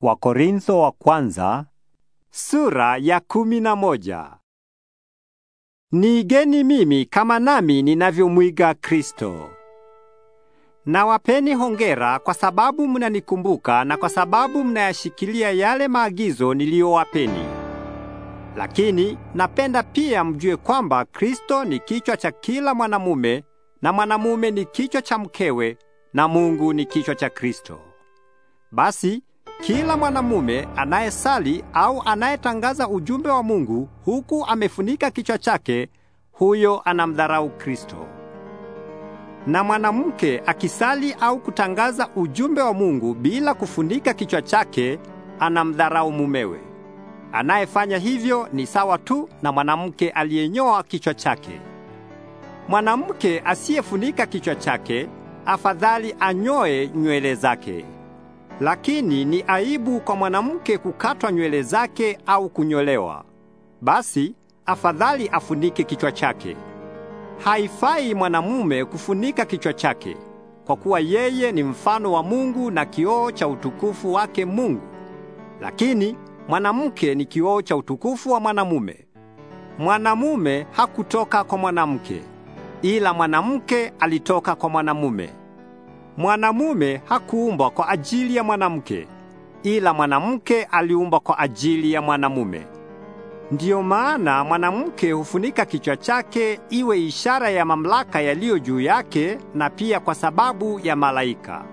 Wakorintho wa kwanza sura ya kumi na moja. Niigeni mimi kama nami ninavyomwiga Kristo. Na wapeni hongera kwa sababu mnanikumbuka na kwa sababu mnayashikilia yale maagizo niliyowapeni. Lakini napenda pia mjue kwamba Kristo ni kichwa cha kila mwanamume na mwanamume ni kichwa cha mkewe na Mungu ni kichwa cha Kristo. Basi kila mwanamume anayesali au anayetangaza ujumbe wa Mungu huku amefunika kichwa chake, huyo anamdharau Kristo. Na mwanamke akisali au kutangaza ujumbe wa Mungu bila kufunika kichwa chake, anamdharau mumewe. Anayefanya hivyo ni sawa tu na mwanamke aliyenyoa kichwa chake. Mwanamke asiyefunika kichwa chake, afadhali anyoe nywele zake. Lakini ni aibu kwa mwanamke kukatwa nywele zake au kunyolewa. Basi afadhali afunike kichwa chake. Haifai mwanamume kufunika kichwa chake, kwa kuwa yeye ni mfano wa Mungu na kioo cha utukufu wake Mungu. Lakini mwanamke ni kioo cha utukufu wa mwanamume. Mwanamume hakutoka kwa mwanamke, ila mwanamke alitoka kwa mwanamume. Mwanamume hakuumbwa kwa ajili ya mwanamke, ila mwanamke aliumbwa kwa ajili ya mwanamume. Ndiyo maana mwanamke hufunika kichwa chake iwe ishara ya mamlaka yaliyo juu yake na pia kwa sababu ya malaika.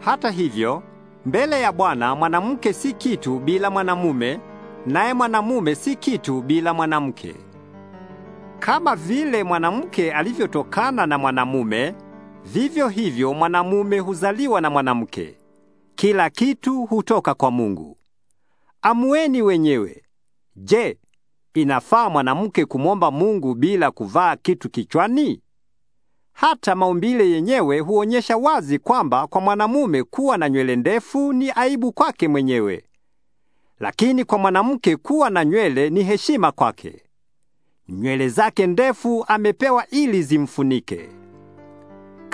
Hata hivyo, mbele ya Bwana mwanamke si kitu bila mwanamume, naye mwanamume si kitu bila mwanamke. Kama vile mwanamke alivyotokana na mwanamume, Vivyo hivyo mwanamume huzaliwa na mwanamke, kila kitu hutoka kwa Mungu. Amueni wenyewe. Je, inafaa mwanamke kumwomba Mungu bila kuvaa kitu kichwani? Hata maumbile yenyewe huonyesha wazi kwamba kwa mwanamume kuwa na nywele ndefu ni aibu kwake mwenyewe, lakini kwa mwanamke kuwa na nywele ni heshima kwake. Nywele zake ndefu amepewa ili zimfunike.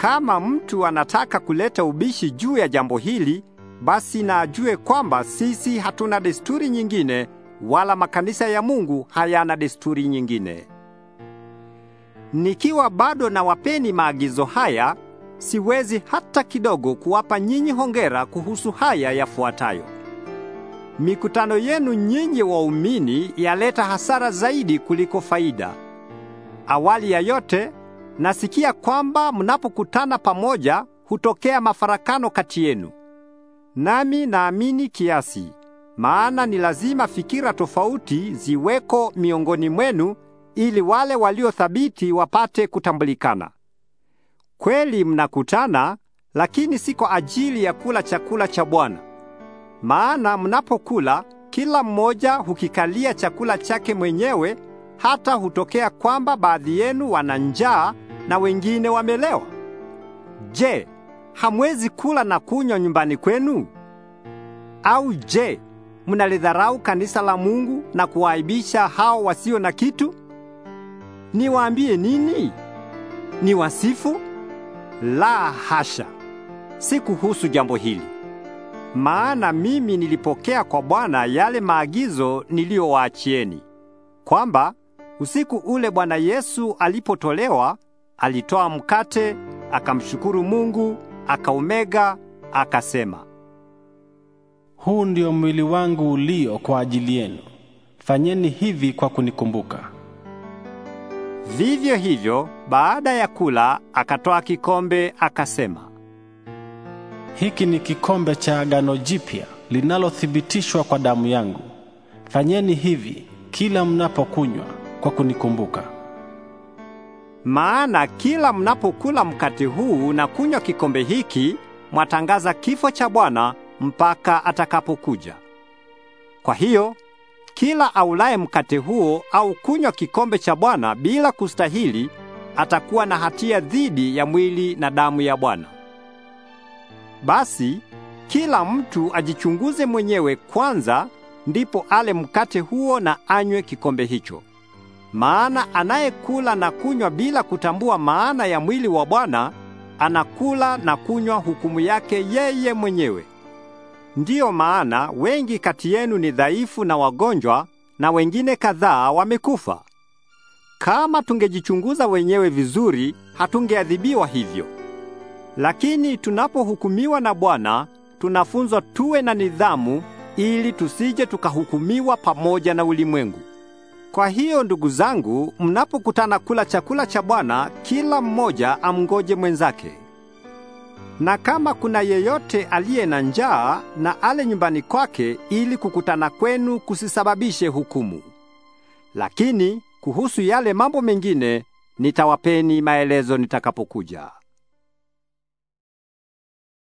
Kama mtu anataka kuleta ubishi juu ya jambo hili, basi na ajue kwamba sisi hatuna desturi nyingine wala makanisa ya Mungu hayana desturi nyingine. Nikiwa bado nawapeni maagizo haya, siwezi hata kidogo kuwapa nyinyi hongera kuhusu haya yafuatayo. Mikutano yenu nyinyi waumini yaleta hasara zaidi kuliko faida. Awali ya yote Nasikia kwamba mnapokutana pamoja hutokea mafarakano kati yenu. Nami naamini kiasi, maana ni lazima fikira tofauti ziweko miongoni mwenu ili wale walio thabiti wapate kutambulikana. Kweli mnakutana, lakini si kwa ajili ya kula chakula cha Bwana. Maana mnapokula kila mmoja hukikalia chakula chake mwenyewe, hata hutokea kwamba baadhi yenu wana njaa na wengine wamelewa? Je, hamwezi kula na kunywa nyumbani kwenu? Au je, mnalidharau kanisa la Mungu na kuwaibisha hao wasio na kitu? Niwaambie nini? Ni wasifu? La hasha. Si kuhusu jambo hili. Maana mimi nilipokea kwa Bwana yale maagizo niliyowaachieni, kwamba usiku ule Bwana Yesu alipotolewa Alitoa mkate, akamshukuru Mungu, akaumega, akasema, huu ndio mwili wangu ulio kwa ajili yenu. Fanyeni hivi kwa kunikumbuka. Vivyo hivyo, baada ya kula, akatoa kikombe akasema, hiki ni kikombe cha agano jipya linalothibitishwa kwa damu yangu. Fanyeni hivi kila mnapokunywa kwa kunikumbuka. Maana kila mnapokula mkate huu na kunywa kikombe hiki, mwatangaza kifo cha Bwana mpaka atakapokuja. Kwa hiyo, kila aulaye mkate huo au kunywa kikombe cha Bwana bila kustahili, atakuwa na hatia dhidi ya mwili na damu ya Bwana. Basi kila mtu ajichunguze mwenyewe kwanza, ndipo ale mkate huo na anywe kikombe hicho. Maana anayekula na kunywa bila kutambua maana ya mwili wa Bwana anakula na kunywa hukumu yake yeye mwenyewe. Ndiyo maana wengi kati yenu ni dhaifu na wagonjwa, na wengine kadhaa wamekufa. Kama tungejichunguza wenyewe vizuri, hatungeadhibiwa hivyo. Lakini tunapohukumiwa na Bwana, tunafunzwa tuwe na nidhamu ili tusije tukahukumiwa pamoja na ulimwengu. Kwa hiyo ndugu zangu, mnapokutana kula chakula cha Bwana, kila mmoja amngoje mwenzake. Na kama kuna yeyote aliye na njaa, na ale nyumbani kwake, ili kukutana kwenu kusisababishe hukumu. Lakini kuhusu yale mambo mengine nitawapeni maelezo nitakapokuja.